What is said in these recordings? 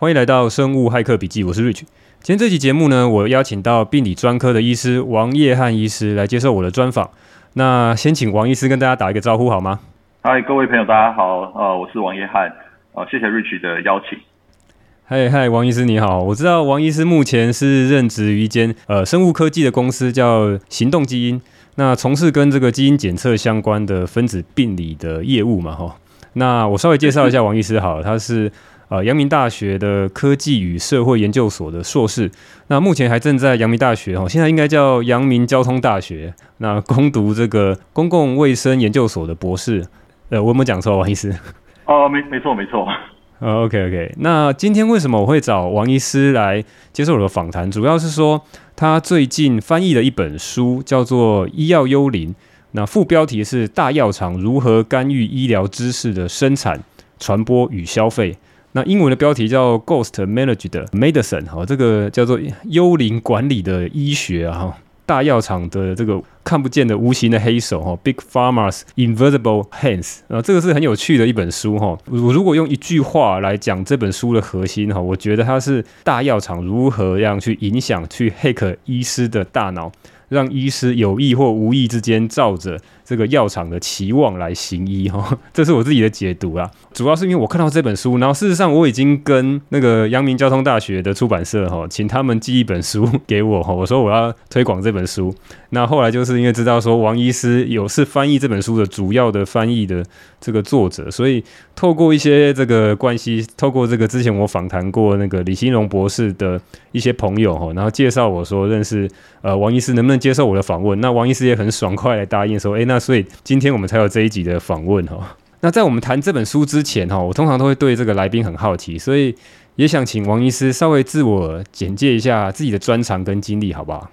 歡迎來到《生物駭客筆記》，我是 Rich。今天這期節目呢，我邀請到病理專科的醫師王業翰醫師來接受我的專訪。那先請王醫師跟大家打一個招呼，好嗎？嗨，各位朋友，大家好。呃、uh，我是王業翰。呃、uh，謝謝 Rich 的邀請。嗨嗨，王醫師你好。我知道王醫師目前是任職於一間呃生物科技的公司，叫行動基因。那從事跟這個基因檢測相關的分子病理的業務嘛，哈。那我稍微介紹一下王醫師好，好、嗯，他是。啊，陽明大學的科技與社會研究所的碩士，那目前還正在陽明大學，哦，現在應該叫陽明交通大學，那攻讀這個公共衛生研究所的博士，呃，我有沒有講錯，王醫師？哦、啊，沒，沒錯，沒錯。OK，OK。那今天為什麼我會找王醫師來接受我的訪談？主要是說他最近翻譯了一本書叫做《醫藥幽靈》，那副標題是“大藥廠如何干預醫療知識的生產、傳播與消費”。那英文的標題叫《Ghost Managed Medicine》哈，這個叫做“幽靈管理的醫學”哈，大藥廠的這個看不見的無形的黑手哈，《Big Pharma's Invisible Hands》啊，這個是很有趣的一本書哈。我如果用一句話來講這本書的核心哈，我覺得它是大藥廠如何樣去影響、去黑客醫師的大腦。讓醫師有意或無意之間照着這個藥廠的期望來行醫，哈，這是我自己的解讀啊，主要是因為我看到這本書，然後事實上我已經跟那個陽明交通大學的出版社，哈，請他們寄一本書給我，哈，我說我要推廣這本書。那後來就是因為知道說王醫師有是翻譯這本書的主要的翻譯的這個作者，所以透過一些這個關係，透過這個之前我訪談過那個李興榮博士的一些朋友，哈，然後介紹我說認識呃王醫師能不能。接受我的訪問，那王醫師也很爽快地答應說，哎、欸，那所以今天我們才有這一集的訪問哈。那在我們談這本書之前哈，我通常都會對這個來賓很好奇，所以也想請王醫師稍微自我簡介一下自己的專長跟經歷，好不好？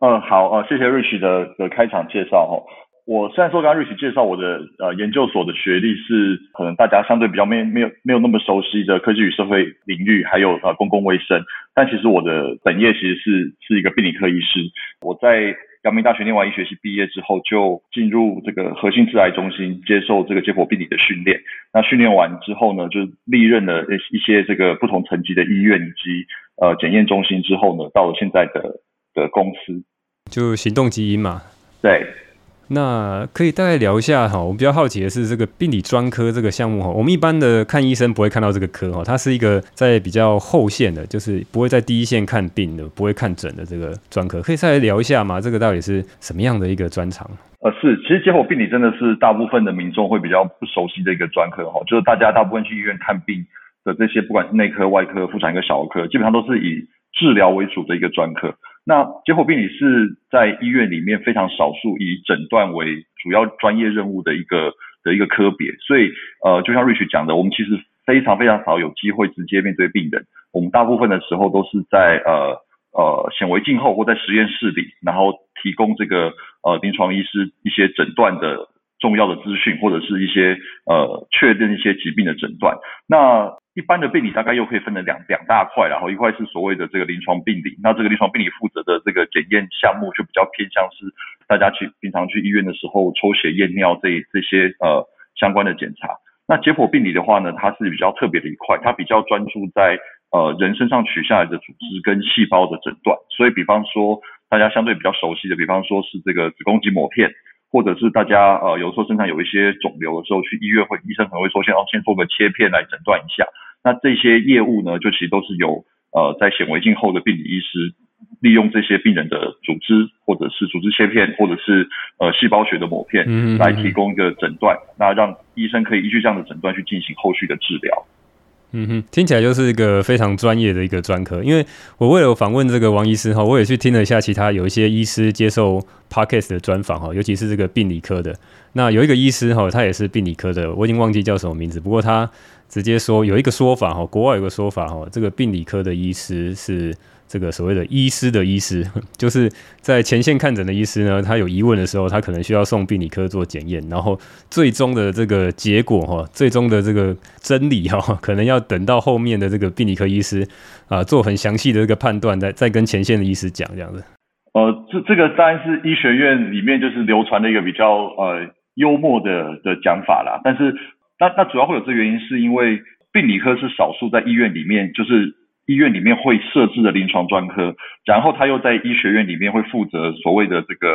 嗯，好哦、嗯，謝謝 Rich 的的開場介紹哦。我雖然說，剛剛 Rich 介紹我的呃研究所，的學歷是可能大家相對比較沒沒有沒有那麼熟悉的科技與社會領域，還有呃公共衛生，但其實我的本業其實是是一個病理科醫師。我在陽明大學念完醫學系畢業之後，就進入這個核心致癌中心接受這個解剖病理的訓練。那訓練完之後呢，就歷任了一些這個不同層級的醫院以及呃檢驗中心之後呢，到了現在的的公司，就行動基因嘛，對。那可以大概聊一下哈，我比較好奇的是這個病理專科這個項目哈，我們一般的看醫生不會看到這個科哦，它是一個在比較後線的，就是不會在第一線看病的，不會看診的這個專科，可以再來聊一下嗎？這個到底是什麼樣的一個專長？呃，是，其實講，我病理真的是大部分的民眾會比較不熟悉的一個專科哈，就是大家大部分去醫院看病的這些，不管是內科、外科、婦產科、小兒科，基本上都是以治療為主的一個專科。那解剖病理是在醫院裡面非常少數以診斷為主要專業任務的一個的一個科別，所以呃，就像 Rich 講的，我們其實非常非常少有機會直接面對病人，我們大部分的時候都是在呃呃顯微鏡後或在實驗室裡，然後提供這個呃臨床醫師一些診斷的重要的資訊或者是一些呃確認一些疾病的診斷。那一般的病理大概又可以分成兩兩大塊，然後一塊是所謂的這個臨床病理，那這個臨床病理負責的這個檢驗項目就比較偏向是大家去平常去醫院的時候抽血驗尿這這些呃相關的檢查。那解剖病理的話呢，它是比較特別的一塊，它比較專注在呃人身上取下來的組織跟細胞的診斷。所以比方說大家相對比較熟悉的，比方說是這個子宮頸抹片，或者是大家呃有時候身上有一些腫瘤的時候，去醫院會醫生可能會說先哦先做個切片來診斷一下。那這些業務呢，就其實都是由呃在顯微鏡後的病理醫師，利用這些病人的組織，或者是組織切片，或者是呃細胞學的抹片，來提供一個診斷。嗯嗯嗯，那讓醫生可以依據這樣的診斷去進行後續的治療。嗯哼，聽起來就是一個非常專業的一個專科。因為我為了訪問這個王醫師哈，我也去聽了一下其他有一些醫師接受 podcast 的專訪哈，尤其是這個病理科的。那有一個醫師哈，他也是病理科的，我已經忘記叫什麼名字，不過他。直接說，有一個說法哈，國外有個說法哈，這個病理科的醫師是這個所謂的醫師的醫師，就是在前線看診的醫師呢，他有疑問的時候，他可能需要送病理科做檢驗，然後最終的這個結果哈，最終的這個真理哈，可能要等到後面的這個病理科醫師啊、呃、做很詳細的這個判斷，再再跟前線的醫師講這樣子。呃，這這個當然是醫學院裡面就是流傳的一個比較呃幽默的的講法啦，但是。那那主要會有這個原因，是因為病理科是少數在醫院裡面，就是醫院裡面會設置的臨床專科，然後他又在醫學院裡面會負責所謂的這個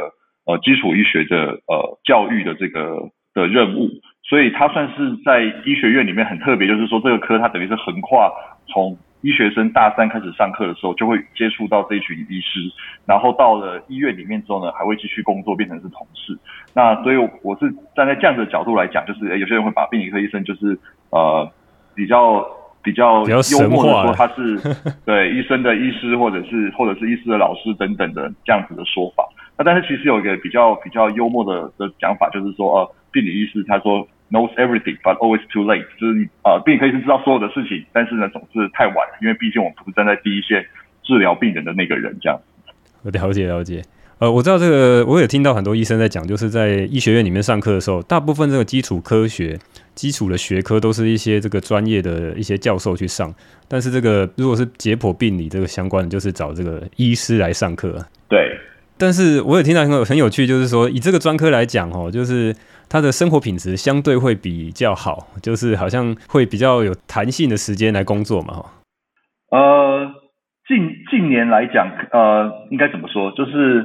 呃基礎醫學的呃教育的這個的任務，所以他算是在醫學院裡面很特別，就是說這個科它等於是橫跨從。醫學生大三開始上課的時候，就會接觸到這一群醫師，然後到了醫院裡面之後呢，還會繼續工作，變成是同事。那所以我是站在這樣子的角度來講，就是、欸、有些人會把病理科醫生就是呃比較比較比較幽默的說他是對 醫生的醫師或者是或者是醫師的老師等等的這樣子的說法。那但是其實有一個比較比較幽默的的講法，就是說呃病理醫師他說。Knows everything, but always too late。就是你啊，病、呃、可以是知道所有的事情，但是呢，總是太晚了，因為畢竟我們不是站在第一線治療病人的那個人。這樣子，我了解了解。呃，我知道這個，我也聽到很多醫生在講，就是在醫學院裡面上課的時候，大部分這個基礎科學、基礎的學科都是一些這個專業的一些教授去上，但是這個如果是解剖病理這個相關的，就是找這個醫師來上課。對。但是我也聽到很有很有趣，就是說以這個專科來講哦，就是。他的生活品質相對會比較好，就是好像會比較有彈性的時間來工作嘛，哈。呃，近近年來講，呃，應該怎麼說？就是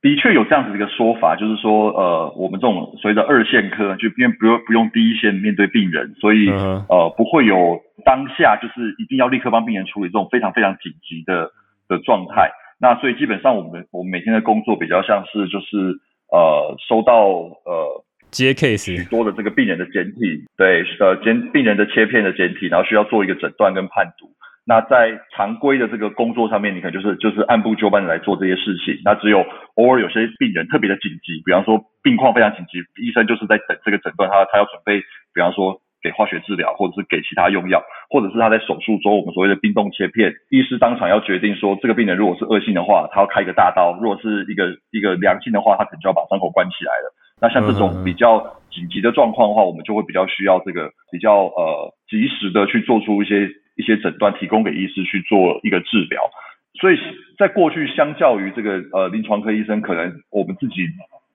的確有這樣子的一個說法，就是說，呃，我們這種所謂的二線科，就因為不用不用第一線面對病人，所以呃，呃，不會有當下就是一定要立刻幫病人處理這種非常非常緊急的的狀態。那所以基本上我們我們每天的工作比較像是就是呃收到呃。接 case 許多的這個病人的檢體，對，呃，檢病人的切片的檢體，然後需要做一個診斷跟判讀。那在常規的這個工作上面，你可能就是就是按部就班的來做這些事情。那只有偶爾有些病人特別的緊急，比方說病況非常緊急，醫生就是在等這個診斷，他他要準備，比方說給化學治療，或者是給其他用藥，或者是他在手術中我們所謂的冰凍切片，醫師當場要決定說這個病人如果是惡性的話，他要開一個大刀；如果是一個一個良性的話，他可能就要把傷口關起來了。那像這種比較緊急的狀況的話，我們就會比較需要這個比較呃及時的去做出一些一些診斷，提供給醫師去做一個治療。所以在過去，相較於這個呃臨床科醫生，可能我們自己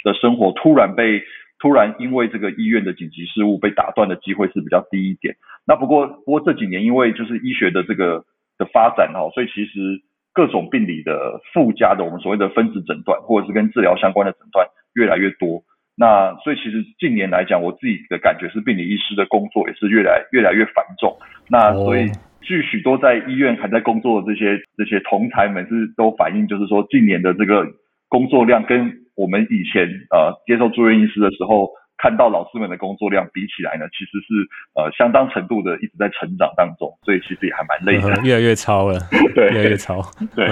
的生活突然被突然因為這個醫院的緊急事務被打斷的機會是比較低一點。那不過不過這幾年，因為就是醫學的這個的發展哈，所以其實各種病理的附加的我們所謂的分子診斷，或者是跟治療相關的診斷越來越多。那所以其實近年來講，我自己的感覺是病理醫師的工作也是越來越來越繁重。Oh. 那所以據許多在醫院還在工作的這些這些同台們是都反映，就是說近年的這個工作量跟我們以前呃接受住院醫師的時候。看到老師們的工作量比起來呢，其實是呃相當程度的一直在成長當中，所以其實也還蠻累的、嗯，越來越操了，對，越來越操。對，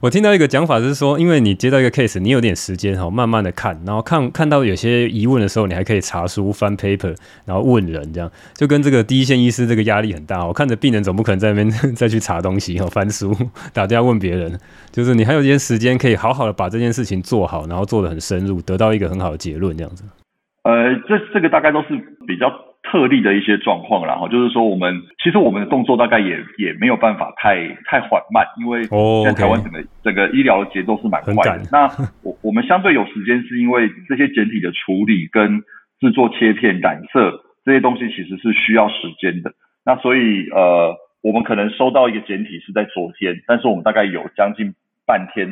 我聽到一個講法是說，因為你接到一個 case，你有點時間哈、哦，慢慢的看，然後看看到有些疑問的時候，你還可以查書、翻 paper，然後問人，這樣就跟這個第一線醫師這個壓力很大、哦，我看着病人總不可能在那邊 再去查東西和、哦、翻書、打電話問別人，就是你還有一點時間可以好好的把這件事情做好，然後做得很深入，得到一個很好的結論，這樣子。呃，這這個大概都是比較特例的一些狀況啦，然後就是說我們其實我們的動作大概也也沒有辦法太太緩慢，因為現在台灣整個、oh, okay. 整個醫療的節奏是蠻快的。很等 那我我們相對有時間，是因為這些檢體的處理跟製作切片染色這些東西其實是需要時間的。那所以呃，我們可能收到一個檢體是在昨天，但是我們大概有將近半天，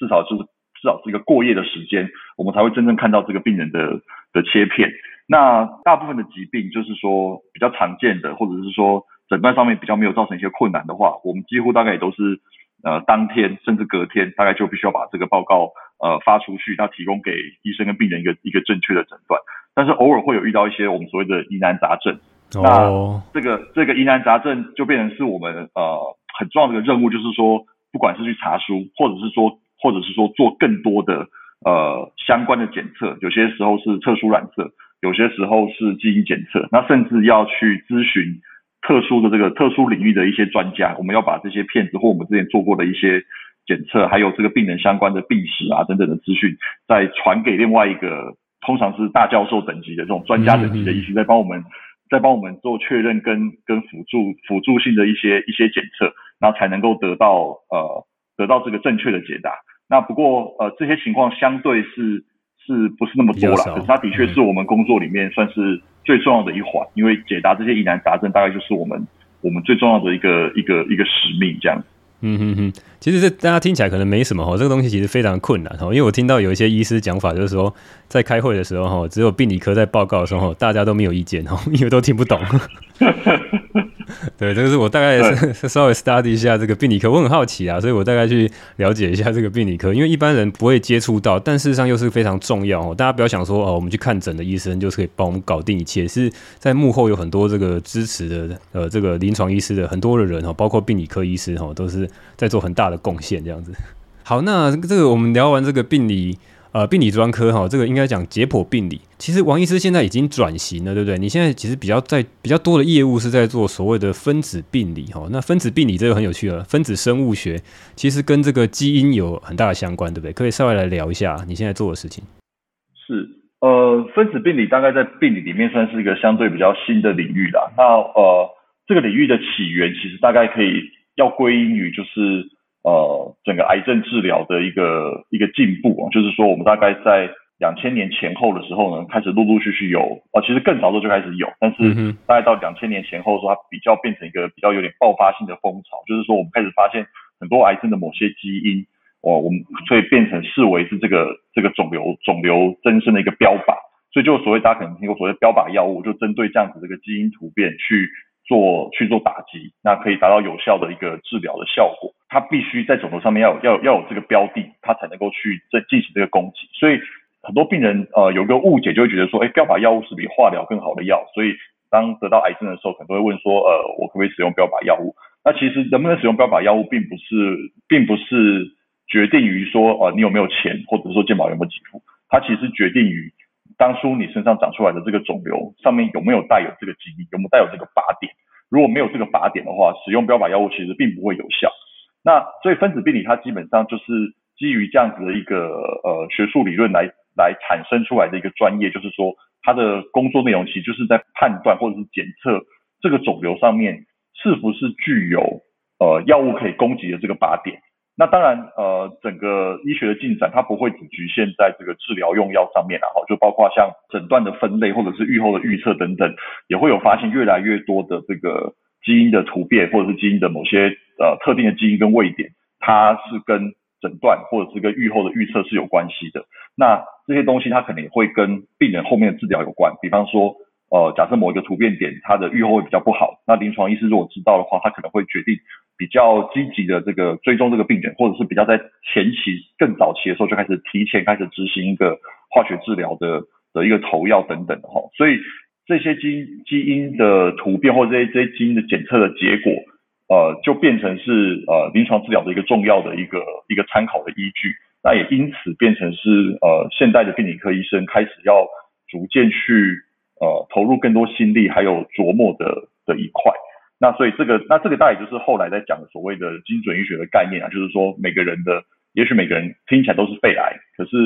至少就是至少是一個過夜的時間，我們才會真正看到這個病人的的切片，那大部分的疾病就是說比較常見的，或者是說診斷上面比較沒有造成一些困難的話，我們幾乎大概也都是呃當天甚至隔天，大概就必須要把這個報告呃發出去，那提供給醫生跟病人一個一個正確的診斷。但是偶爾會有遇到一些我們所謂的疑難雜症，oh. 那這個這個疑難雜症就變成是我們呃很重要的一個任務，就是說不管是去查書，或者是說或者是說做更多的。呃，相關的檢測，有些時候是特殊染色，有些時候是基因檢測，那甚至要去諮詢特殊的這個特殊領域的一些專家。我們要把這些片子或我們之前做過的一些檢測，還有這個病人相關的病史啊等等的資訊，再傳給另外一個，通常是大教授等級的這種專家等級的醫生，再幫我們、嗯嗯嗯、再幫我們做確認跟跟輔助輔助性的一些一些檢測，然後才能夠得到呃得到這個正確的解答。那不過，呃，這些情況相對是是不是那麼多了？手可是它的確是我們工作裡面算是最重要的一環，嗯、因為解答這些疑難雜症，大概就是我們我們最重要的一個一個一個使命這樣子。嗯哼哼，其實這大家聽起來可能沒什麼哈、哦，這個東西其實非常困難哈、哦，因為我聽到有一些醫師講法，就是說在開會的時候哈、哦，只有病理科在報告的時候，哦、大家都沒有意見哈、哦，因為都聽不懂。 對，這個是我大概是稍微 study 一下這個病理科，對我很好奇啊，所以我大概去了解一下這個病理科，因為一般人不會接觸到，但事實上又是非常重要哦。大家不要想說哦，我們去看診的醫生就是可以幫我們搞定一切，是在幕後有很多這個支持的，呃，這個臨床醫師的很多的人哦，包括病理科醫師哦，都是在做很大的貢獻這樣子。好，那這個我們聊完這個病理。呃，病理專科哈，這個應該講解剖病理。其實王醫師現在已經轉型了，對不對？你現在其實比較在比較多的業務是在做所謂的分子病理哈。那分子病理這個很有趣了，分子生物學其實跟這個基因有很大的相關，對不對？可以稍微來聊一下你現在做的事情是。是呃，分子病理大概在病理裡面算是一個相對比較新的領域啦。那呃，這個領域的起源其實大概可以要歸因於就是。呃，整個癌症治療的一個一個進步啊，就是說我們大概在兩千年前後的時候呢，開始陸陸續續，續有，哦、呃，其實更早的時候就開始有，但是大概到兩千年前後的時候，它比較變成一個比較有點爆發性的風潮，就是說我們開始發現很多癌症的某些基因，哦，我們可以變成視為是這個這個腫瘤腫瘤增生的一個標靶，所以就所謂大家可能聽過所謂的標靶藥物，就針對這樣子這個基因突變去。做去做打擊，那可以達到有效的一個治療的效果。他必須在腫瘤上面要有要有要有這個標的，他才能夠去在進行這個攻擊。所以很多病人呃有個誤解，就會覺得說，哎、欸，標靶藥物是比化療更好的藥。所以當得到癌症的時候，很多人會問說，呃，我可不可以使用標靶藥物？那其實能不能使用標靶藥物，並不是並不是決定於說，呃，你有沒有錢，或者是說健保有沒有給付，它其實決定於。當初你身上長出來的這個腫瘤上面有沒有帶有這個基因，有沒有帶有這個靶點？如果沒有這個靶點的話，使用標靶藥物其實並不會有效。那所以分子病理它基本上就是基於這樣子的一個呃學術理論來來產生出來的一個專業，就是說它的工作內容其實就是在判斷或者是檢測這個腫瘤上面是不是具有呃藥物可以攻擊的這個靶點。那當然，呃，整個醫學的進展，它不會只局限在這個治療用藥上面啦，哈，就包括像診斷的分類，或者是預後的預測等等，也會有發現越來越多的這個基因的突變，或者是基因的某些呃特定的基因跟位點，它是跟診斷或者是跟預後的預測是有關係的。那這些東西它可能也會跟病人後面的治療有關，比方說，呃，假設某一個突變點，它的預後會比較不好，那臨床醫師如果知道的話，他可能會決定。比較積極的這個追蹤這個病人，或者是比較在前期更早期的時候，就開始提前開始執行一個化學治療的的一個投藥等等的哈，所以這些基基因的突變或者這些這些基因的檢測的結果，呃，就變成是呃臨床治療的一個重要的一個一個參考的依據，那也因此變成是呃現代的病理科醫生開始要逐漸去呃投入更多心力還有琢磨的的一塊。那所以這個，那這個大概就是後來在講的所謂的精準醫學的概念啊，就是說每個人的，也許每個人聽起來都是肺癌，可是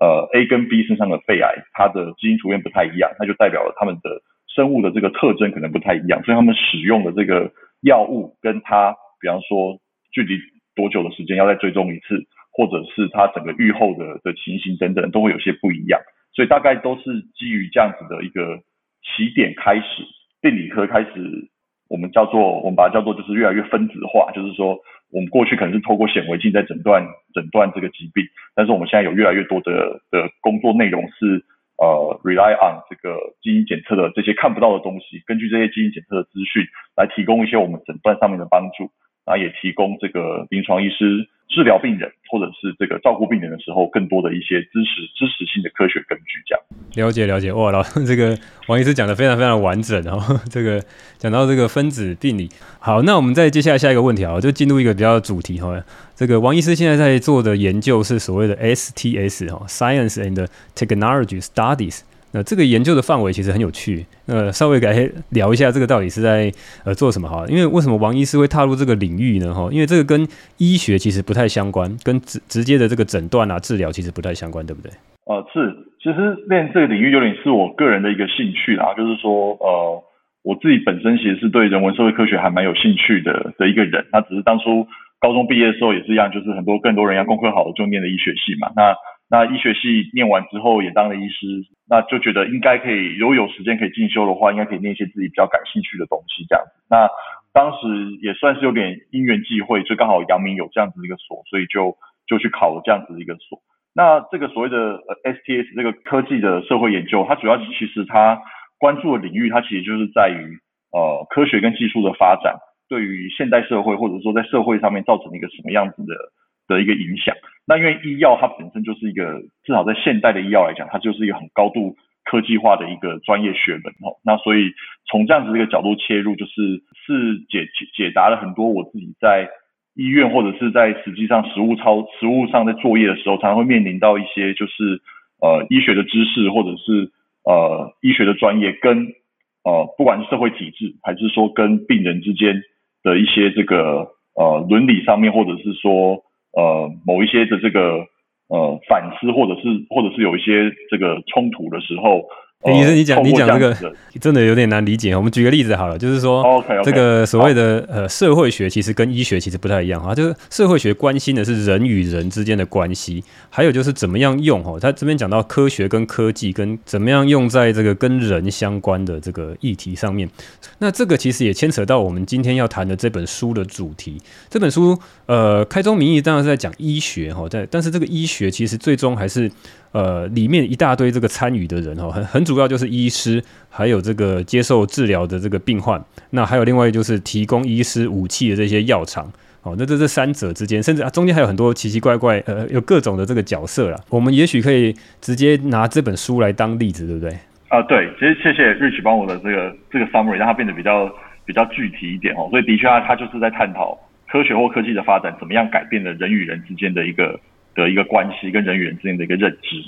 呃 A 跟 B 身上的肺癌，它的基因突變不太一樣，那就代表了他們的生物的這個特徵可能不太一樣，所以他們使用的這個藥物跟他，比方說距離多久的時間要再追蹤一次，或者是他整個預後的的情形等等，都會有些不一樣。所以大概都是基於這樣子的一個起點開始，病理科開始。我們叫做，我們把它叫做，就是越來越分子化，就是說，我們過去可能是透過顯微鏡在診斷診斷這個疾病，但是我們現在有越來越多的的工作內容是呃 rely on 這個基因檢測的這些看不到的東西，根據這些基因檢測的資訊來提供一些我們診斷上面的幫助，然後也提供這個臨床醫師。治療病人或者是這個照顧病人的時候，更多的一些知識知識性的科學根據，這樣了解，了解。哇，老師這個王醫師講得非常非常完整哦，這個講到這個分子病理。好，那我們再接下來下一個問題啊，就進入一個比較主題哈、哦。這個王醫師現在在做的研究是所謂的 STS 哈，Science and Technology Studies。那這個研究的範圍其實很有趣，呃，稍微來聊一下這個到底是在呃做什麼哈？因為為什麼王醫師會踏入這個領域呢？哈，因為這個跟醫學其實不太相關，跟直直接的這個診斷啊、治療其實不太相關，對不對？呃，是，其實念這個領域有點是我個人的一個興趣啦、啊、就是說，呃，我自己本身其實是對人文社會科學還蠻有興趣的的一個人，那只是當初高中畢業的時候也是一樣，就是很多更多人要功課好的就念的醫學系嘛，那那醫學系念完之後也當了醫師。那就覺得應該可以，如果有時間可以進修的話，應該可以念一些自己比較感興趣的東西這樣子。那當時也算是有點因緣際會，就剛好陽明有這樣子一個所，所以就就去考了這樣子的一個所。那這個所謂的呃 STS 這個科技的社會研究，它主要其實它關注的領域，它其實就是在於呃科學跟技術的發展，對於現代社會或者說在社會上面造成了一個什麼樣子的。的一個影響，那因為醫藥它本身就是一個，至少在現代的醫藥來講，它就是一個很高度科技化的一個專業學門哦。那所以從這樣子一個角度切入，就是是解解答了很多我自己在醫院或者是在實際上實務操實務上在作業的時候，常常會面臨到一些就是呃醫學的知識或者是呃醫學的專業跟呃不管是社會體制還是說跟病人之間的一些這個呃倫理上面或者是說。呃，某一些的這個呃反思，或者是或者是有一些這個衝突的時候。醫生，欸、你講、哦、你講這個真的有點難理解。我們舉個例子好了，就是說 okay, okay. 這個所謂的 Okay. 呃社會學其實跟醫學其實不太一樣哈 Okay.、啊。就是社會學關心的是人與人之間的關係，還有就是怎麼樣用哈。他這邊講到科學跟科技跟怎麼樣用在這個跟人相關的這個議題上面。那這個其實也牽扯到我們今天要談的這本書的主題。這本書呃開宗明義當然是在講醫學哈，但但是這個醫學其實最終還是呃裡面一大堆這個參與的人哈，很很主。主要就是醫師，還有這個接受治療的這個病患，那還有另外就是提供醫師武器的這些藥廠，哦，那這是三者之間，甚至啊中間還有很多奇奇怪怪，呃，有各種的這個角色啦。我們也許可以直接拿這本書來當例子，對不對？啊，對，其實謝謝 Rich 幫我的這個這個 summary，讓它變得比較比較具體一點哦。所以的確，啊，它就是在探討科學或科技的發展，怎麼樣改變了人與人之間的一個的一個關係，跟人與人之間的一個認知。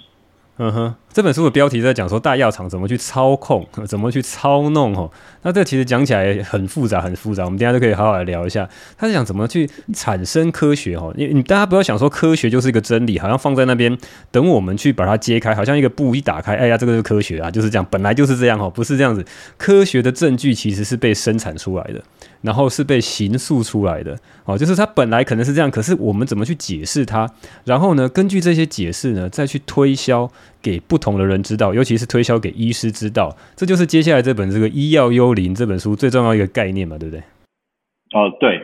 嗯哼。這本書的標題在講說大藥廠怎麼去操控，怎麼去操弄哦。那這其實講起來很複雜，很複雜。我們等一下就可以好好來聊一下。他是講怎麼去產生科學哦。你你大家不要想說科學就是一個真理，好像放在那邊等我們去把它揭開，好像一個布一打開，哎呀，這個是科學啊，就是這樣，本來就是這樣哦，不是這樣子。科學的證據其實是被生產出來的，然後是被形塑出來的哦。就是它本來可能是這樣，可是我們怎麼去解釋它？然後呢，根據這些解釋呢，再去推銷給不同統的人知道，尤其是推銷給醫師知道，這就是接下來這本這個《醫藥幽靈》這本書最重要一個概念嘛，對不對？哦、呃，對，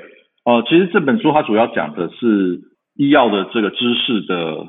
哦、呃，其實這本書它主要講的是醫藥的這個知識的。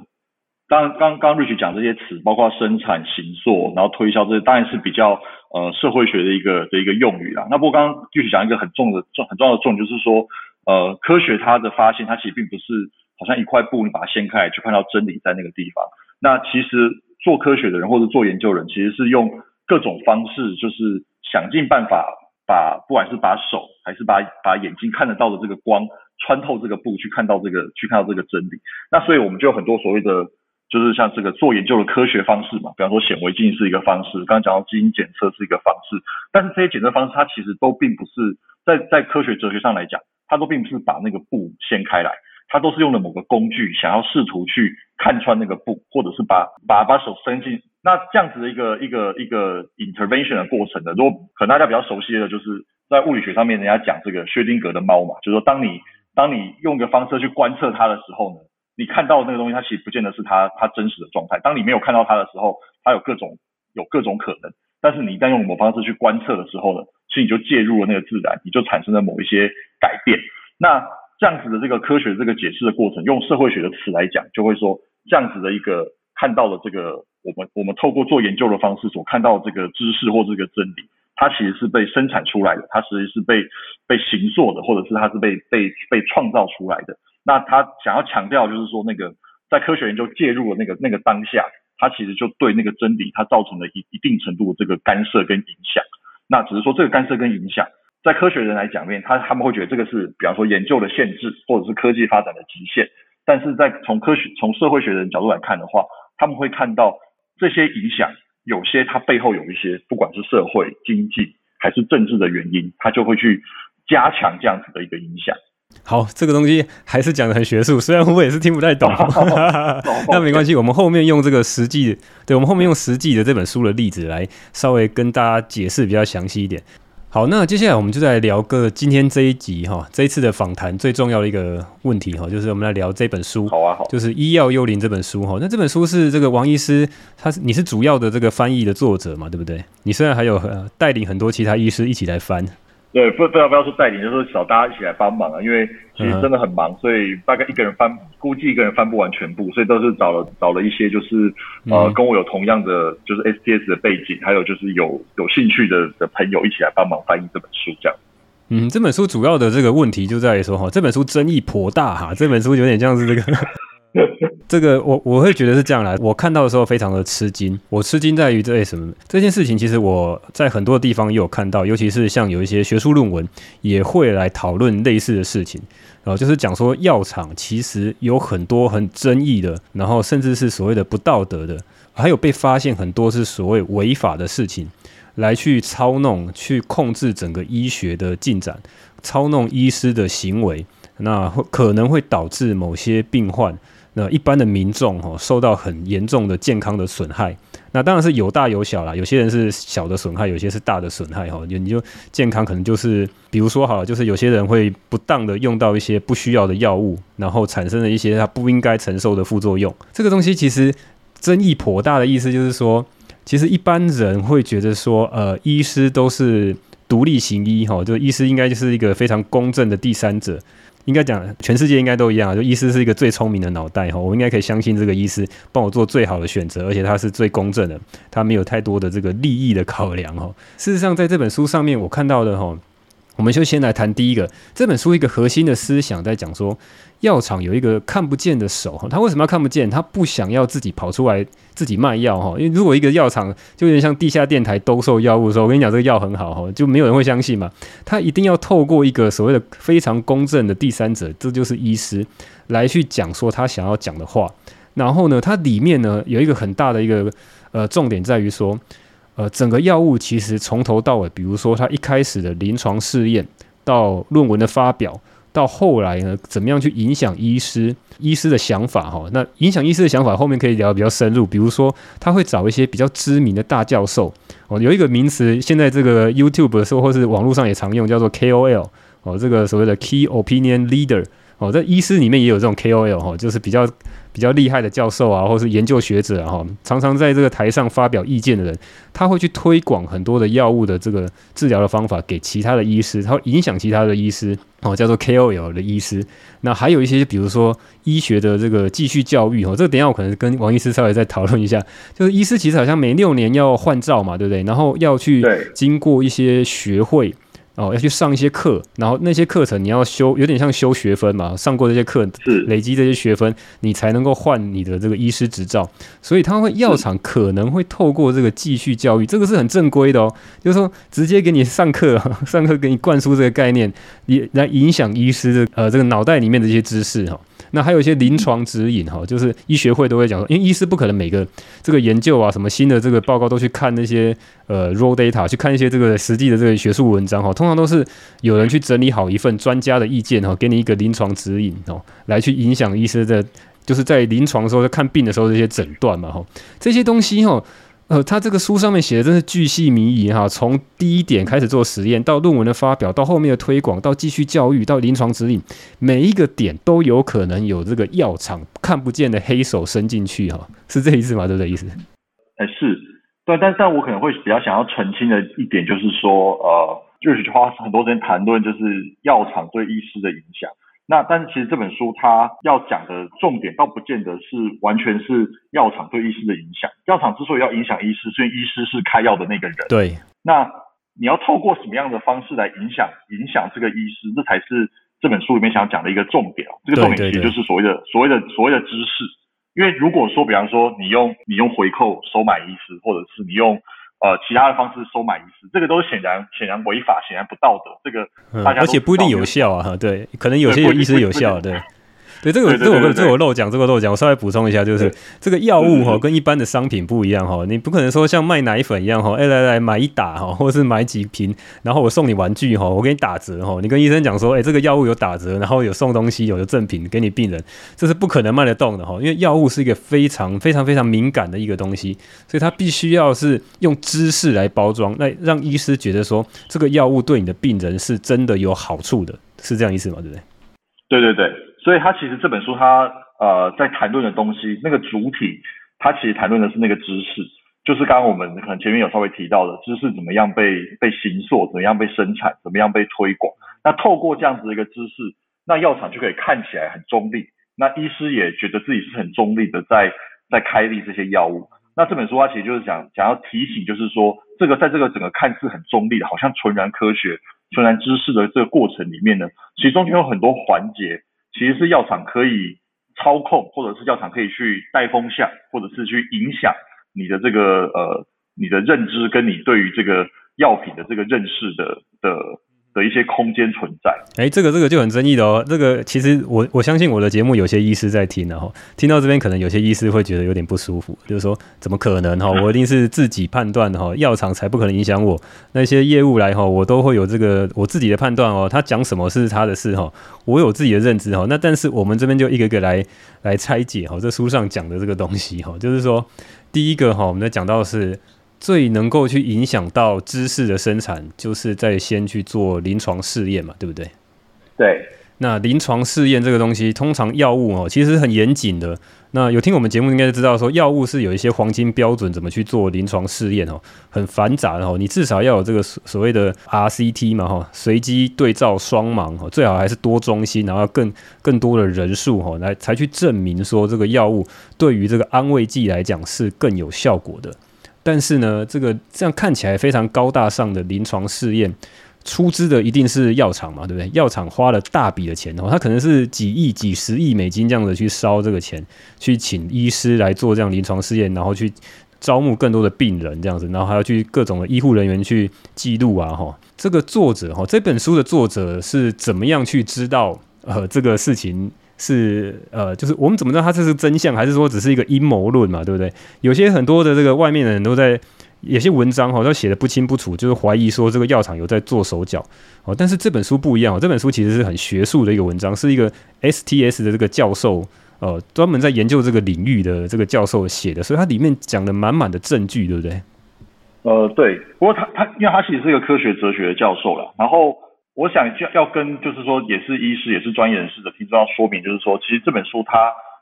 當然，剛剛瑞奇講這些詞，包括生產、形塑，然後推銷這些，這當然是比較呃社會學的一個的一個用語啦。那不過剛剛瑞奇講一個很重的重很重要的重點，就是說，呃，科學它的發現，它其實並不是好像一塊布，你把它掀開就看到真理在那個地方。那其實。做科學的人或者做研究的人，其實是用各種方式，就是想盡辦法把不管是把手還是把把眼睛看得到的這個光穿透這個布去看到這個去看到這個真理。那所以我們就有很多所謂的，就是像這個做研究的科學方式嘛，比方說顯微鏡是一個方式，剛才講到基因檢測是一個方式，但是這些檢測方式它其實都並不是在在科學哲學上來講，它都並不是把那個布掀開來，它都是用的某個工具想要試圖去。看穿那個布，或者是把把把手伸進那這樣子的一個一個一個 intervention 的過程呢，如果可能大家比較熟悉的，就是在物理學上面，人家講這個薛丁格的貓嘛，就是說當你當你用一個方式去觀測它的時候呢，你看到的那個東西，它其實不見得是它它真實的狀態。當你沒有看到它的時候，它有各種有各種可能。但是你一旦用某方式去觀測的時候呢，其實你就介入了那個自然，你就產生了某一些改變。那這樣子的這個科學這個解釋的過程，用社會學的詞來講，就會說。這樣子的一個看到了這個，我們我們透過做研究的方式所看到的這個知識或這個真理，它其實是被生產出來的，它實際是被被形塑的，或者是它是被被被創造出來的。那它想要強調就是說，那個在科學研究介入的那個那個當下，它其實就對那個真理它造成了一一定程度的這個干涉跟影響。那只是說這個干涉跟影響，在科學人來講面，他他們會覺得這個是，比方說研究的限制，或者是科技發展的極限。但是在從科學、從社會學的角度來看的話，他們會看到這些影響，有些它背後有一些，不管是社會、經濟還是政治的原因，它就會去加強這樣子的一個影響。好，這個東西還是講得很學術，雖然我也是聽不太懂，那沒關係，嗯、我們後面用這個實際的，對，我們後面用實際的這本書的例子來稍微跟大家解釋比較詳細一點。好，那接下來我們就來聊個今天這一集哈，這一次的訪談最重要的一個問題哈，就是我們來聊這本書。好啊，好，就是《醫藥幽靈》這本書哈。那這本書是這個王醫師，他是你是主要的這個翻譯的作者嘛，對不對？你雖然還有呃帶領很多其他醫師一起來翻。對，不不要不要說帶領，就是找大家一起來幫忙啊，因為其實真的很忙，嗯、所以大概一個人翻，估計一個人翻不完全部，所以都是找了找了一些，就是呃，跟我有同樣的就是 S T S 的背景，嗯、還有就是有有興趣的的朋友一起來幫忙翻譯這本書，這樣。嗯，這本書主要的這個問題就在於說哈，這本書爭議頗大哈，這本書有點像是這個。 這個我我會覺得是這樣來，我看到的時候非常的吃驚。我吃驚在於這、哎、什麼？這件事情其實我在很多地方也有看到，尤其是像有一些學術論文也會來討論類似的事情，然、呃、就是講說藥廠其實有很多很爭議的，然後甚至是所謂的不道德的，還有被發現很多是所謂違法的事情，來去操弄、去控制整個醫學的進展，操弄醫師的行為，那會可能會導致某些病患。那一般的民眾吼、哦、受到很嚴重的健康的損害。那當然是有大有小啦，有些人是小的損害，有些人是大的損害哈、哦。你你就健康可能就是，比如說哈，就是有些人會不當的用到一些不需要的藥物，然後產生了一些他不應該承受的副作用。這個東西其實爭議頗大的意思就是說，其實一般人會覺得說，呃，醫師都是獨立行醫哈、哦，就是醫師應該就是一個非常公正的第三者。應該講，全世界應該都一樣啊，就醫師是一個最聰明的腦袋哈，我應該可以相信這個醫師幫我做最好的選擇，而且他是最公正的，他沒有太多的這個利益的考量哈。事實上，在這本書上面我看到的哈，我們就先來談第一個這本書一個核心的思想，在講說。藥廠有一個看不見的手哈，他為什麼要看不見？他不想要自己跑出來自己賣藥哈，因為如果一個藥廠就有點像地下電台兜售藥物的時候，我跟你講這個藥很好哈，就沒有人會相信嘛。他一定要透過一個所謂的非常公正的第三者，這就是醫師，來去講說他想要講的話。然後呢，它裡面呢有一個很大的一個呃重點在於說，呃，整個藥物其實從頭到尾，比如說它一開始的臨床試驗到論文的發表。到後來呢，怎麼樣去影響醫師醫師的想法？哈，那影響醫師的想法，後面可以聊得比較深入。比如說，他會找一些比較知名的大教授哦，有一個名詞，現在這個 YouTube 的時候或是網絡上也常用，叫做 KOL 哦，這個所謂的 Key Opinion Leader。哦，在醫師裡面也有這種 KOL 哦，就是比較比較厲害的教授啊，或是研究學者啊，常常在這個台上發表意見的人，他會去推廣很多的藥物的這個治療的方法給其他的醫師，他會影響其他的醫師哦，叫做 KOL 的醫師。那還有一些，比如說醫學的這個繼續教育哦，這個等下我可能跟王醫師稍微再討論一下。就是醫師其實好像每六年要換照嘛，對不對？然後要去經過一些學會。哦，要去上一些課，然後那些課程你要修，有點像修學分嘛。上過這些課，累積這些學分，你才能夠換你的這個醫師執照。所以，他會藥廠可能會透過這個繼續教育，這個是很正規的哦，就是說直接給你上課，上課給你灌輸這個概念，也來影響醫師的，呃，這個腦袋裡面的一些知識哈。那還有一些臨床指引哈，就是醫學會都會講說因為醫師不可能每個這個研究啊，什麼新的這個報告都去看那些呃 raw data，去看一些這個實際的這個學術文章哈，通常都是有人去整理好一份專家的意見哈，給你一個臨床指引哦，來去影響醫師的，就是在臨床的時候在看病的時候的一些診斷嘛哈，這些東西哈、哦。呃，他這個書上面寫的真的是鉅細靡遺哈，從第一點開始做實驗，到論文的發表，到後面的推廣，到繼續教育，到臨床指引，每一個點都有可能有這個藥廠看不見的黑手伸進去哈，是這意思嗎？對不對意思？哎，是對，但但我可能會比較想要澄清的一點就是說，呃，就是花很多時間談論就是藥廠對醫師的影響。那但是其實這本書它要講的重點倒不見得是完全是藥廠對醫師的影響。藥廠之所以要影響醫師，所以醫師是開藥的那個人。對，那你要透過什麼樣的方式來影響影響這個醫師？這才是這本書裡面想要講的一個重點。這個重點其實就是所謂的對對對所謂的所謂的知識。因為如果說比方說你用你用回扣收買醫師，或者是你用。呃，其他的方式收買醫師，這個都是顯然顯然違法，顯然不道德。這個大家、嗯、而且不一定有效啊底，對，可能有些醫師有效，對。對這個，對對對對對這個我這個我漏講，這個漏講，我稍微補充一下，就是對，這個藥物哈，跟一般的商品不一樣哈，你不可能說像賣奶粉一樣哈，哎來來買一打哈，或者是買幾瓶，然後我送你玩具哈，我給你打折哈，你跟醫生講說，哎這個藥物有打折，然後有送東西，有的贈品給你病人，這是不可能賣得動的哈，因為藥物是一個非常非常非常敏感的一個東西，所以它必須要是用知識來包裝，那讓醫師覺得說這個藥物對你的病人是真的有好處的，是這樣意思嗎？對不對？對對對。所以他其實這本書，他呃在談論的東西，那個主體，他其實談論的是那個知識，就是剛剛我們可能前面有稍微提到的，知識怎麼樣被被形塑，怎麼樣被生產，怎麼樣被推廣。那透過這樣子的一個知識，那藥廠就可以看起來很中立，那醫師也覺得自己是很中立的在，在在開立這些藥物。那這本書它其實就是想想要提醒，就是說，這個在這個整個看似很中立的，好像純然科學、純然知識的這個過程裡面呢，其中就有很多環節。其實是藥廠可以操控，或者是藥廠可以去帶風向，或者是去影響你的這個呃，你的認知跟你對於這個藥品的這個認識的的的一些空間存在，誒、欸，這個這個就很爭議的哦。這個其實我我相信我的節目有些醫師在聽的、啊、哈，聽到這邊可能有些醫師會覺得有點不舒服，就是說怎麼可能哈、哦？我一定是自己判斷的哈，藥廠才不可能影響我那些業務來哈、哦，我都會有這個我自己的判斷哦。他講什麼是他的事哈、哦，我有自己的認知哈、哦。那但是我們這邊就一個一個來來拆解哈、哦，這書上講的這個東西哈、哦，就是說第一個哈、哦，我們在講到是。最能夠去影響到知識的生產，就是在先去做臨床試驗嘛，對不對？對。那臨床試驗這個東西，通常藥物哦，其實很嚴謹的。那有聽我們節目應該知道說，說藥物是有一些黃金標準，怎麼去做臨床試驗哦，很繁雜的哦。你至少要有這個所謂的 RCT 嘛哈，隨機對照雙盲哦，最好還是多中心，然後更更多的人數哦，來才去證明說這個藥物對於這個安慰劑來講是更有效果的。但是呢，這個這樣看起來非常高大上的臨床試驗，出資的一定是藥廠嘛，對不對？藥廠花了大筆的錢，哦，他可能是幾億、幾十億美金這樣子去燒這個錢，去請醫師來做這樣臨床試驗，然後去招募更多的病人這樣子，然後還要去各種的醫護人員去記錄啊，哈，這個作者哈，這本書的作者是怎麼樣去知道呃這個事情？是呃，就是我們怎麼知道他這是真相，還是說只是一個陰謀論嘛？對不對？有些很多的這個外面的人都在有些文章好像寫的不清不楚，就是懷疑說這個藥廠有在做手腳哦。但是這本書不一樣哦，這本書其實是很學術的一個文章，是一個 STS 的這個教授呃專門在研究這個領域的這個教授寫的，所以它裡面講的滿滿的證據，對不對？呃，對。不過他他因為他其實是一個科學哲學的教授啦，然後。我想要要跟就是說也是醫師也是專業人士的聽眾要說明，就是說其實這本書它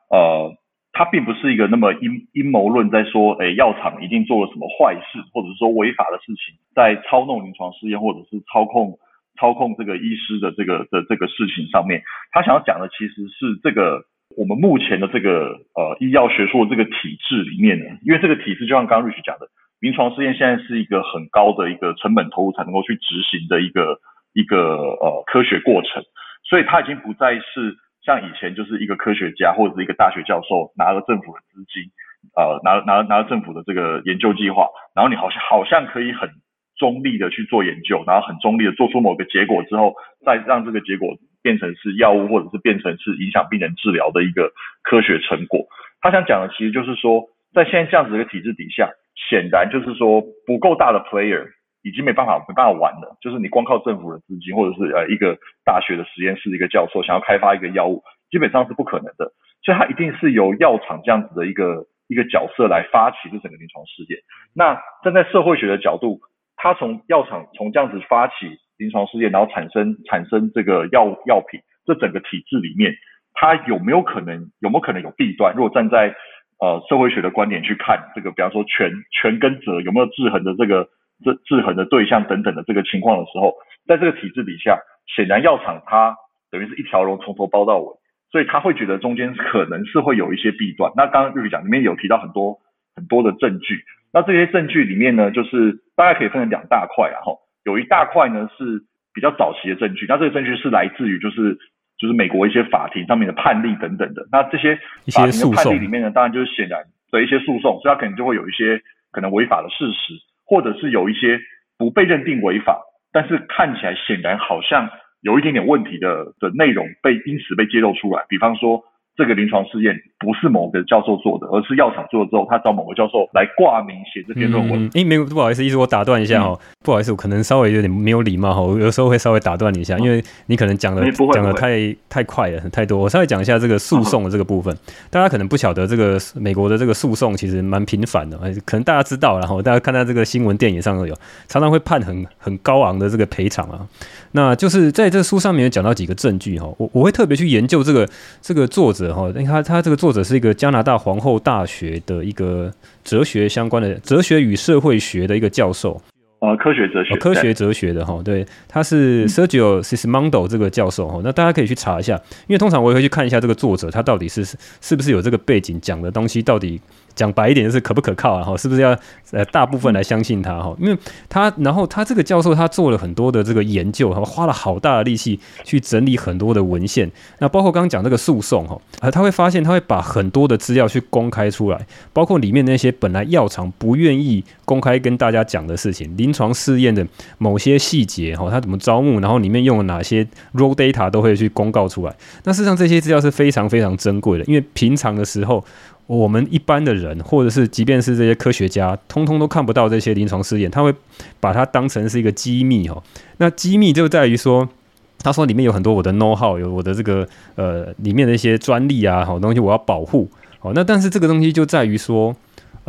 呃它並不是一個那麼陰陰謀論在說，哎藥廠一定做了什麼壞事或者說違法的事情，在操弄臨床試驗或者是操控操控這個醫師的這個的這個事情上面，他想要講的其實是這個我們目前的這個呃醫藥學術這個體制裡面的，因為這個體制就像剛剛瑞奇講的，臨床試驗現在是一個很高的一個成本投入才能夠去執行的一個，一個呃科學過程，所以他已經不再是像以前就是一個科學家或者是一個大學教授，拿了政府的資金，呃拿拿拿了政府的這個研究計劃，然後你好像好像可以很中立的去做研究，然後很中立的做出某個結果之後，再讓這個結果變成是藥物或者是變成是影響病人治療的一個科學成果。他想講的其實就是說，在現在這樣子一個體制底下，顯然就是說不夠大的 player。已經沒辦法沒辦法玩了，就是你光靠政府的資金，或者是呃一個大學的實驗室一個教授想要開發一個藥物，基本上是不可能的。所以它一定是由藥廠這樣子的一個一個角色來發起這整個臨床試驗。那站在社會學的角度，他從藥廠從這樣子發起臨床試驗，然後產生產生這個藥物藥品，這整個體制裡面，它有沒有可能有沒有可能有弊端？如果站在呃社會學的觀點去看這個，比方說權，權跟責有沒有制衡的這個？制制衡的對象等等的這個情況的時候，在這個體制底下，顯然藥廠它等於是一條龍從頭包到尾，所以他會覺得中間可能是會有一些弊端。那剛剛日語講裡面有提到很多很多的證據，那這些證據裡面呢，就是大概可以分成兩大塊啊，然後有一大塊呢是比較早期的證據，那這個證據是來自於就是就是美國一些法庭上面的判例等等的。那這些法庭的判例裡面呢，當然就是顯然的一些訴訟，所以它肯定就會有一些可能違法的事實。或者是有一些不被認定違法，但是看起來顯然好像有一點點問題的的內容被因此被揭露出來，比方說。這個臨床試驗不是某個教授做的，而是藥廠做了之後，他找某個教授來掛名寫這篇論文。哎、嗯欸，沒，有不好意思，意思我打斷一下哦，嗯、不好意思，我可能稍微有點沒有禮貌哈、哦，我有時候會稍微打斷一下，嗯、因為你可能講的講、嗯嗯、的太太快了，太多。我稍微講一下這個訴訟的這個部分，嗯、大家可能不曉得這個美國的這個訴訟其實蠻頻繁的，可能大家知道，然後大家看到這個新聞、電影上都有，常常會判很很高昂的這個賠償啊。那就是在這書上面有講到幾個證據哈、哦，我我會特別去研究這個這個作者。然後，因為他他這個作者是一個加拿大皇後大學的一個哲學相關的哲學與社會學的一個教授，啊，科學哲學、哦，科學哲學的哈，對，對，他是 Sergio Sismondo 這個教授哈，那大家可以去查一下，因為通常我也會去看一下這個作者他到底是是不是有這個背景，講的東西到底。講白一點就是可不可靠啊？哈，是不是要呃大部分來相信他哈？因為他，然後他這個教授他做了很多的這個研究，哈，花了好大的力氣去整理很多的文獻。那包括剛剛講這個訴訟哈，啊，他會發現他會把很多的資料去公開出來，包括裡面那些本來藥廠不願意公開跟大家講的事情，臨床試驗的某些細節哈，他怎麼招募，然後裡面用了哪些 raw data 都會去公告出來。那事實上這些資料是非常非常珍貴的，因為平常的時候。我們一般的人，或者是即便是這些科學家，通通都看不到這些臨床試驗，他會把它當成是一個機密哦。那機密就在於說，他說裡面有很多我的 know-how，有我的這個呃裡面的一些專利啊，好東西我要保護。好，那但是這個東西就在於說。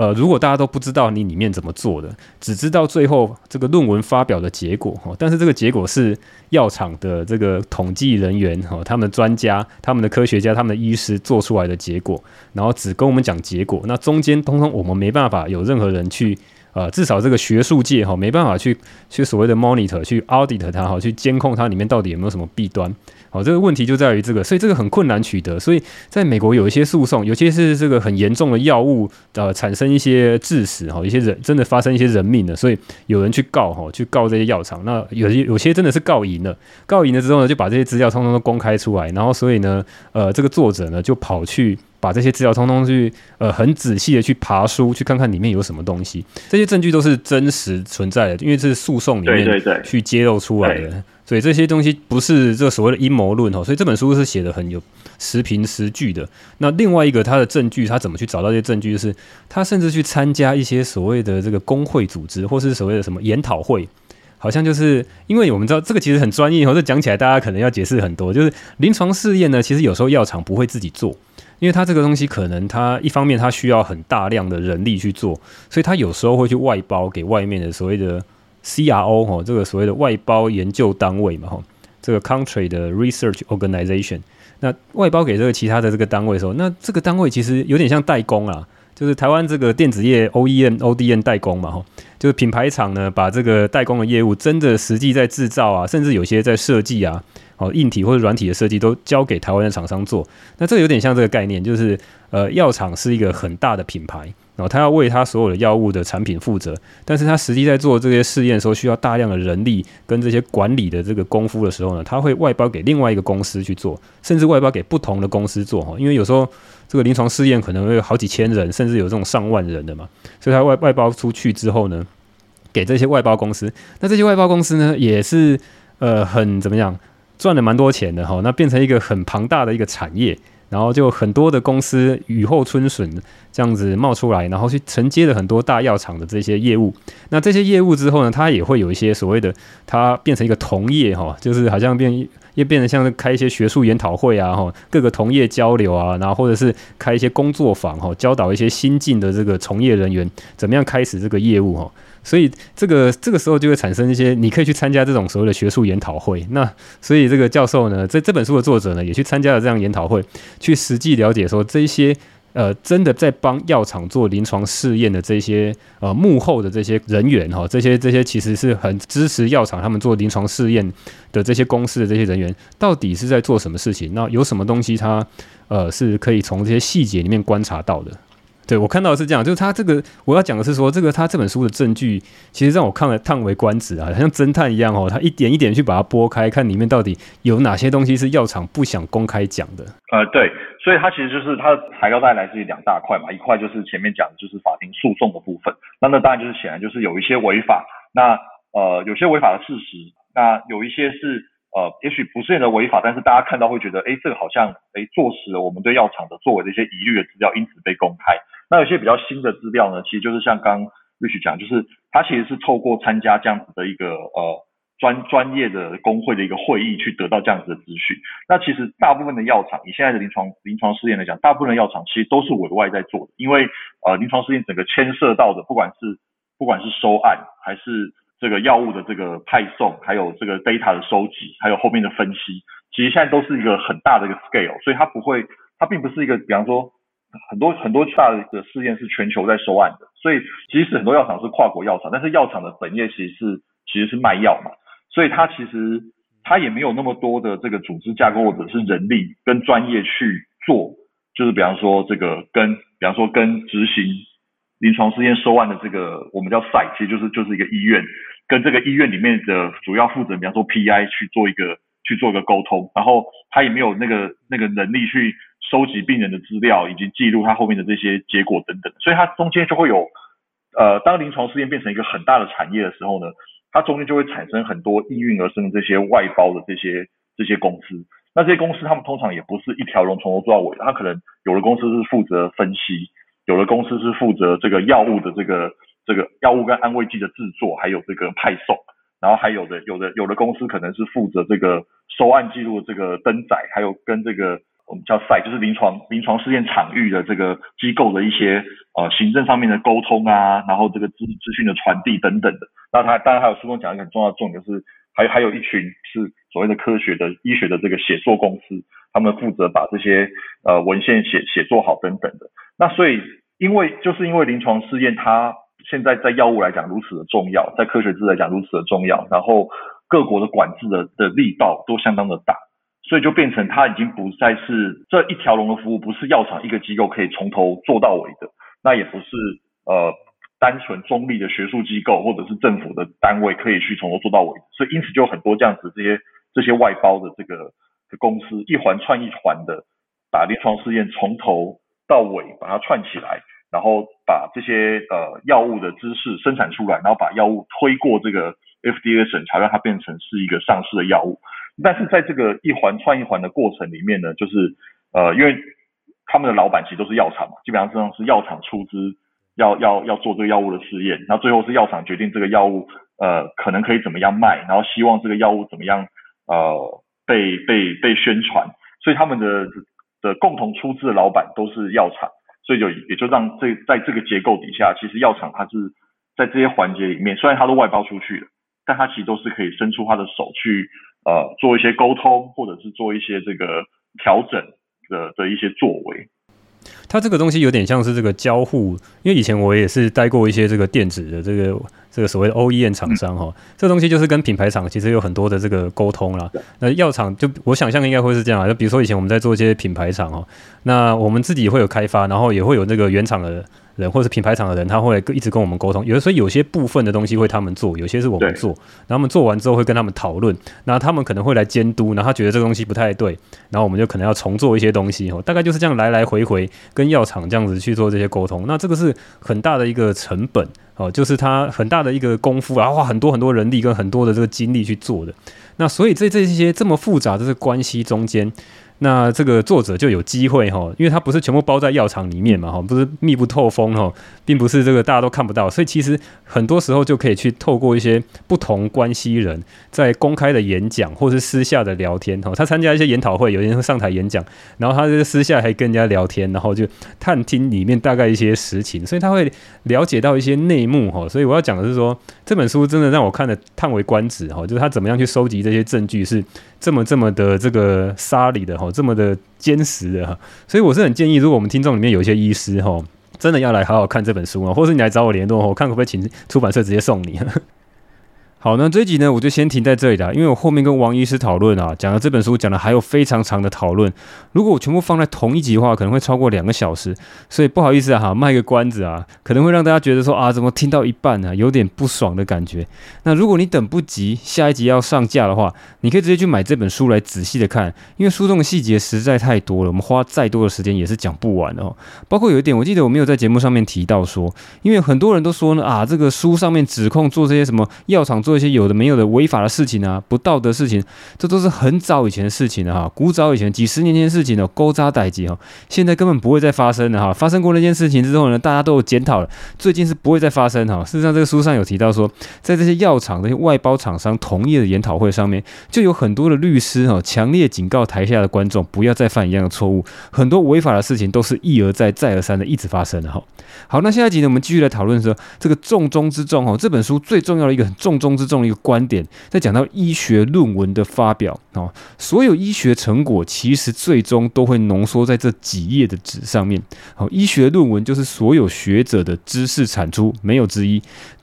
呃，如果大家都不知道你裡面怎麼做的，只知道最後這個論文發表的結果，但是這個結果是藥廠的這個統計人員，他們的專家、他們的科學家、他們的醫師做出來的結果，然後只跟我們講結果，那中間通通我們沒辦法有任何人去。呃，至少這個學術界哈、哦、沒辦法去去所謂的 monitor 去 audit 它哈、哦，去監控它裡面到底有沒有什麼弊端，好、哦、這個問題就在於這個，所以這個很困難取得，所以在美國有一些訴訟，有些是這個很嚴重的藥物呃產生一些致死哈、哦，一些人真的發生一些人命的，所以有人去告哈、哦，去告這些藥廠，那有有些真的是告贏了，告贏了之後呢，就把這些資料通通都公開出來，然後所以呢，呃，這個作者呢就跑去。把這些資料通通去呃，很仔細的去爬書，去看看裡面有什麼東西。這些證據都是真實存在的，因為這是訴訟裡面去揭露出來的，對對對。所以這些東西不是這所謂的陰謀論哦。對。所以這本書是寫的很有實憑實據的。那另外一個，他的證據他怎麼去找到這些證據？就是他甚至去參加一些所謂的這個工會組織，或是所謂的什麼研討會，好像就是因為我們知道這個其實很專業，或者講起來大家可能要解釋很多。就是臨床試驗呢，其實有時候藥廠不會自己做。因為它這個東西可能它一方面它需要很大量的人力去做，所以它有時候會去外包給外面的所謂的 CRO 哦，這個所謂的外包研究單位嘛，哈，這個 Country 的 Research Organization，那外包給這個其他的這個單位的時候，那這個單位其實有點像代工啊。就是台灣這個電子業 OEM、ODM 代工嘛，哈，就是品牌廠呢，把這個代工的業務真的實際在製造啊，甚至有些在設計啊，哦，硬體或者軟體的設計都交給台灣的廠商做。那這有點像這個概念，就是呃，藥廠是一個很大的品牌，然後他要為他所有的藥物的產品負責，但是他實際在做這些試驗的時候，需要大量的人力跟這些管理的這個功夫的時候呢，他會外包給另外一個公司去做，甚至外包給不同的公司做，哈，因為有時候。這個臨床試驗可能會有好幾千人，甚至有這種上萬人的嘛，所以它外外包出去之後呢，給這些外包公司，那這些外包公司呢，也是呃很怎麼樣賺了蠻多錢的哈，哦，那變成一個很龐大的一個產業，然後就很多的公司雨後春筍這樣子冒出來，然後去承接了很多大藥廠的這些業務，那這些業務之後呢，它也會有一些所謂的它變成一個同業哈，哦，就是好像變。就變成像是開一些學術研討會啊，哈，各個同業交流啊，然後或者是開一些工作坊，哈，教導一些新進的這個從業人員怎麼樣開始這個業務，哈，所以這個這個時候就會產生一些，你可以去參加這種所謂的學術研討會。那所以這個教授呢，在這，這本書的作者呢，也去參加了這樣研討會，去實際了解說這些。呃，真的在幫藥廠做臨床試驗的這些呃幕後的這些人員哈，這些這些其實是很支持藥廠他們做臨床試驗的這些公司的這些人員，到底是在做什麼事情？那有什麼東西他呃是可以從這些細節裡面觀察到的？對，我看到的是這樣，就是他這個我要講的是說，這個他這本書的證據，其實讓我看了嘆為觀止啊，像偵探一樣哦，他一點一點去把它剝開，看裡面到底有哪些東西是藥廠不想公開講的。呃，對，所以它其實就是它的材料，大概來自於兩大塊嘛，一塊就是前面講的就是法庭訴訟的部分，那那當然就是顯然就是有一些違法，那呃有些違法的事實，那有一些是呃也許不見得違法，但是大家看到會覺得，哎，這個好像哎坐實了我們對藥廠的作為的一些疑慮的資料，因此被公開。那有些比較新的資料呢，其實就是像剛 Rich 講，就是他其實是透過參加這樣子的一個呃專專業的工會的一個會議去得到這樣子的資訊。那其實大部分的藥廠以現在的臨床臨床試驗來講，大部分的藥廠其實都是委外在做的，因為呃臨床試驗整個牽涉到的，不管是不管是收案，還是這個藥物的這個派送，還有這個 data 的收集，還有後面的分析，其實現在都是一個很大的一個 scale，所以它不會，它並不是一個比方說。很多很多大的事件是全球在收案的，所以其實很多藥廠是跨國藥廠，但是藥廠的本業其實是其實是賣藥嘛，所以它其實它也沒有那麼多的這個組織架構或者是人力跟專業去做，就是比方說這個跟比方說跟執行臨床試驗收案的這個我們叫 site，其實就是就是一個醫院跟這個醫院裡面的主要負責人，比方說 PI 去做一個去做一個溝通，然後他也沒有那個那個能力去。收集病人的資料以及記錄他後面的這些結果等等，所以它中間就會有，呃，當臨床試驗變成一個很大的產業的時候呢，它中間就會產生很多應運而生的這些外包的這些這些公司。那這些公司他們通常也不是一條龍從頭做到尾，他可能有的公司是負責分析，有的公司是負責這個藥物的這個這個藥物跟安慰劑的制作，還有這個派送，然後還有的有的有的公司可能是負責這個收案記錄的這個登載，還有跟這個。我們叫 site，就是臨床臨床試驗場域的這個機構的一些呃行政上面的溝通啊，然後這個資資訊的傳遞等等的。那它當然還有書中講一個很重要的重點，就是還還有一群是所謂的科學的醫學的這個寫作公司，他們負責把這些呃文獻寫寫作好等等的。那所以因為就是因為臨床試驗它現在在藥物來講如此的重要，在科學界來講如此的重要，然後各國的管制的的力道都相當的大。所以就變成它已經不再是這一條龍的服務，不是藥廠一個機構可以從頭做到尾的，那也不是呃單純中立的學術機構或者是政府的單位可以去從頭做到尾。所以因此就很多這樣子這些這些外包的這個的公司一環串一環的，把臨床試驗從頭到尾把它串起來，然後把這些呃藥物的知識生產出來，然後把藥物推過這個。FDA 的審查，讓它變成是一個上市的藥物，但是在這個一環串一環的過程裡面呢，就是呃，因為他們的老板其實都是藥廠嘛，基本上是藥廠出資要要要做這個藥物的試驗，那最後是藥廠決定這個藥物呃可能可以怎麼樣賣，然後希望這個藥物怎麼樣呃被被被宣傳，所以他們的的共同出資的老板都是藥廠，所以就也就讓這在這個結構底下，其實藥廠它是在這些環節裡面，雖然它都外包出去了。但他其實都是可以伸出他的手去，呃，做一些溝通，或者是做一些這個調整的的一些作為。他這個東西有點像是這個交互，因為以前我也是帶過一些這個電子的這個這個所謂的 OEM 廠商哈、嗯哦，這個東西就是跟品牌廠其實有很多的這個溝通啦。嗯、那藥廠就我想象應該會是這樣，就比如說以前我們在做一些品牌廠哦，那我們自己會有開發，然後也會有那個原廠的。人或是品牌廠的人，他會一直跟我們溝通。有的時候有些部分的東西會他們做，有些是我們做。對然後我們做完之後會跟他們討論，那他們可能會來監督。然後他覺得這個東西不太對，然後我們就可能要重做一些東西。哦，大概就是這樣來來回回跟藥廠這樣子去做這些溝通。那這個是很大的一個成本哦，就是他很大的一個功夫，然後花很多很多人力跟很多的這個精力去做的。那所以這這些這麼複雜的這個關係中間。那這個作者就有機會哈，因為他不是全部包在藥廠裡面嘛哈，不是密不透風哈，並不是這個大家都看不到，所以其實很多時候就可以去透過一些不同關係人在公開的演講，或是私下的聊天哈，他參加一些研討會，有人上台演講，然後他私下還跟人家聊天，然後就探聽裡面大概一些實情，所以他會了解到一些內幕哈。所以我要講的是說，這本書真的讓我看的嘆為觀止哈，就是他怎麼樣去收集這些證據是。這麼這麼的這個沙裡的哈，這麼的堅實的哈，所以我是很建議，如果我們聽眾裡面有一些醫師哈，真的要來好好看這本書啊，或是你來找我聯絡，我看可不可以請出版社直接送你。好，那這一集呢，我就先停在這裡了。啊，因為我後面跟王醫師討論啊，講了這本書講的還有非常長的討論，如果我全部放在同一集的話，可能會超過兩個小時，所以不好意思啊，哈，賣個關子啊，可能會讓大家覺得說啊，怎麼聽到一半啊，有點不爽的感覺。那如果你等不及下一集要上架的話，你可以直接去買這本書來仔細的看，因為書中的細節實在太多了，我們花再多的時間也是講不完的哦。包括有一點，我記得我沒有在節目上面提到說，因為很多人都說呢，啊，這個書上面指控做這些什麼藥廠做。做一些有的沒有的違法的事情啊，不道德事情，這都是很早以前的事情了、啊、哈，古早以前幾十年前的事情了，古早代誌哈，現在根本不會再發生了哈。發生過那件事情之後呢，大家都有檢討了，最近是不會再發生哈。事實上，這個書上有提到說，在這些藥廠這些外包廠商同業的研討會上面，就有很多的律師哈，強烈警告台下的觀眾不要再犯一樣的錯誤。很多違法的事情都是一而再再而三的一直發生哈。好，那下一集呢，我們繼續來討論說這個重中之重哦，這本書最重要的一個很重中。是這麼一個觀點，在講到醫學論文的發表啊，所有醫學成果其實最終都會濃縮在這幾頁的紙上面。好，醫學論文就是所有學者的知識產出，沒有之一。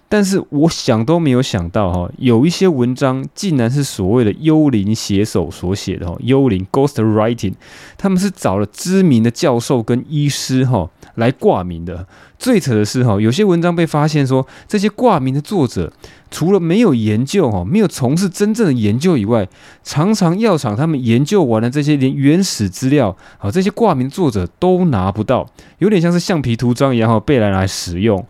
但是我想，都沒有想到哈，有一些文章竟然是所謂的幽靈寫手所寫的哈，幽靈 ghost writing，他們是找了知名的教授跟醫師哈來掛名的。最扯的是哈，有些文章被發現說，這些掛名的作者除了沒有研究哈，沒有從事真正的研究以外，常常藥廠他們研究完了這些連原始資料啊，這些掛名的作者都拿不到，有點像是橡皮圖章一樣哈，被人來，來使用。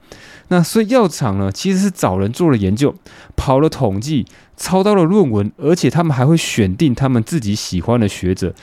那所以藥廠呢，其實是找人做了研究，跑了統計，操刀了論文，而且他們還會選定他們自己喜歡的學者，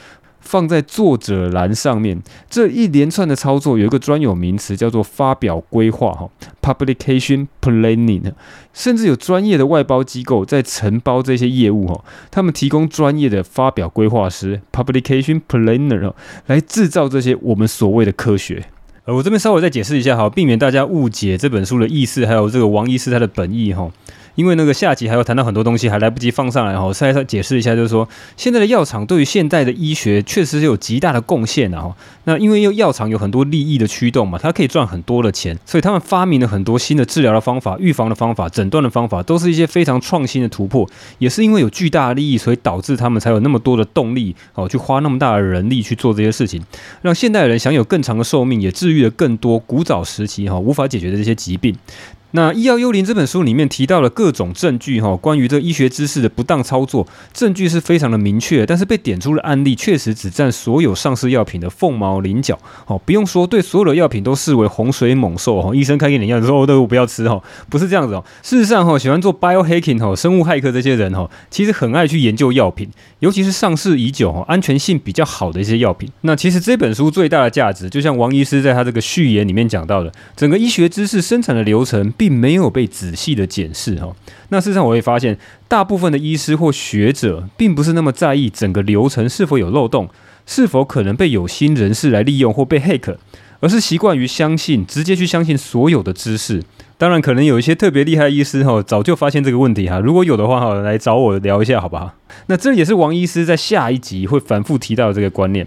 放在作者欄上面。這一連串的操作有一個專有名詞叫做發表規劃，哈，publication planning。甚至有專業的外包機構在承包這些業務，哈，他們提供專業的發表規劃師，publication planner，來製造這些我們所謂的科學。呃，我這邊稍微再解釋一下哈，避免大家誤解這本書的意思，還有這個王醫師他的本意哈。因為那個下集還要談到很多東西，還來不及放上來哈。我現在再解釋一下，就是說，現在的藥廠對於現代的醫學確實是有極大的貢獻的、啊、哈。那因為藥廠有很多利益的驅動嘛，它可以賺很多的錢，所以他們發明了很多新的治療的方法、預防的方法、診斷的方法，都是一些非常創新的突破。也是因為有巨大的利益，所以導致他們才有那麼多的動力哦，去花那麼大的人力去做這些事情，讓現代人享有更長的壽命，也治癒了更多古早時期哈無法解決的這些疾病。那《醫藥幽靈》這本書裡面提到了各種證據哈、哦，關於這個醫學知識的不當操作，證據是非常的明確。但是被點出的案例確實只佔所有上市藥品的鳳毛麟角。哦，不用說，對所有的藥品都視為洪水猛獸哦。醫生開給你藥的時候都不要吃哦。不是這樣子哦。事實上哈、哦，喜歡做 biohacking 哈、哦，生物駭客這些人哈、哦，其實很愛去研究藥品，尤其是上市已久哈、哦、安全性比較好的一些藥品。那其實這本書最大的價值，就像王醫師在他這個序言裡面講到的，整個醫學知識生產的流程。並沒有被仔細的檢視哈，那事實上我會發現，大部分的醫師或學者並不是那麼在意整個流程是否有漏洞，是否可能被有心人士來利用或被 hack，而是習慣於相信直接去相信所有的知識。當然，可能有一些特別厲害的醫師哈，早就發現這個問題哈，如果有的話哈，來找我聊一下好不好？那這也是王醫師在下一集會反覆提到的這個觀念。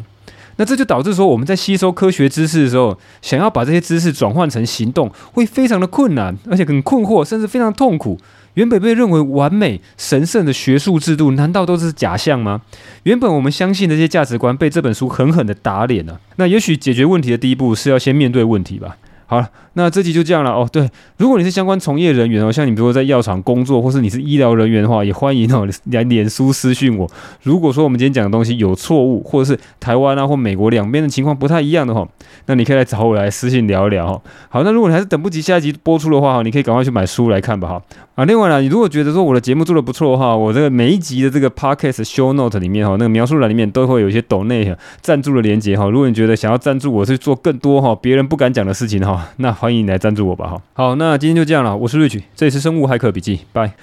那這就導致說，我們在吸收科學知識的時候，想要把這些知識轉換成行動，會非常的困難，而且很困惑，甚至非常痛苦。原本被認為完美、神聖的學術制度，難道都是假象嗎？原本我們相信的這些價值觀，被這本書狠狠地打臉了啊。那也許解決問題的第一步，是要先面對問題吧。好了。那這集就這樣了哦。對，如果你是相關從業人員哦，像你比如說在藥廠工作，或是你是醫療人員的話，也歡迎哦來臉書私訊我。如果說我們今天講的東西有錯誤，或者是台灣啊或美國兩邊的情況不太一樣的話，那你可以來找我來私信聊一聊哦。好，那如果你還是等不及下一集播出的話，你可以趕快去買書來看吧哈。啊，另外呢，你如果覺得說我的節目做的不錯的話，我這個每一集的這個 podcast show note 裡面哈，那個描述欄裡面都會有一些抖內贊助的鏈接哈。如果你覺得想要贊助我去做更多哈，別人不敢講的事情哈，那還。歡迎你來贊助我吧，哈。好，那今天就這樣了，我是 Rich，這裡是生物駭客筆記，拜。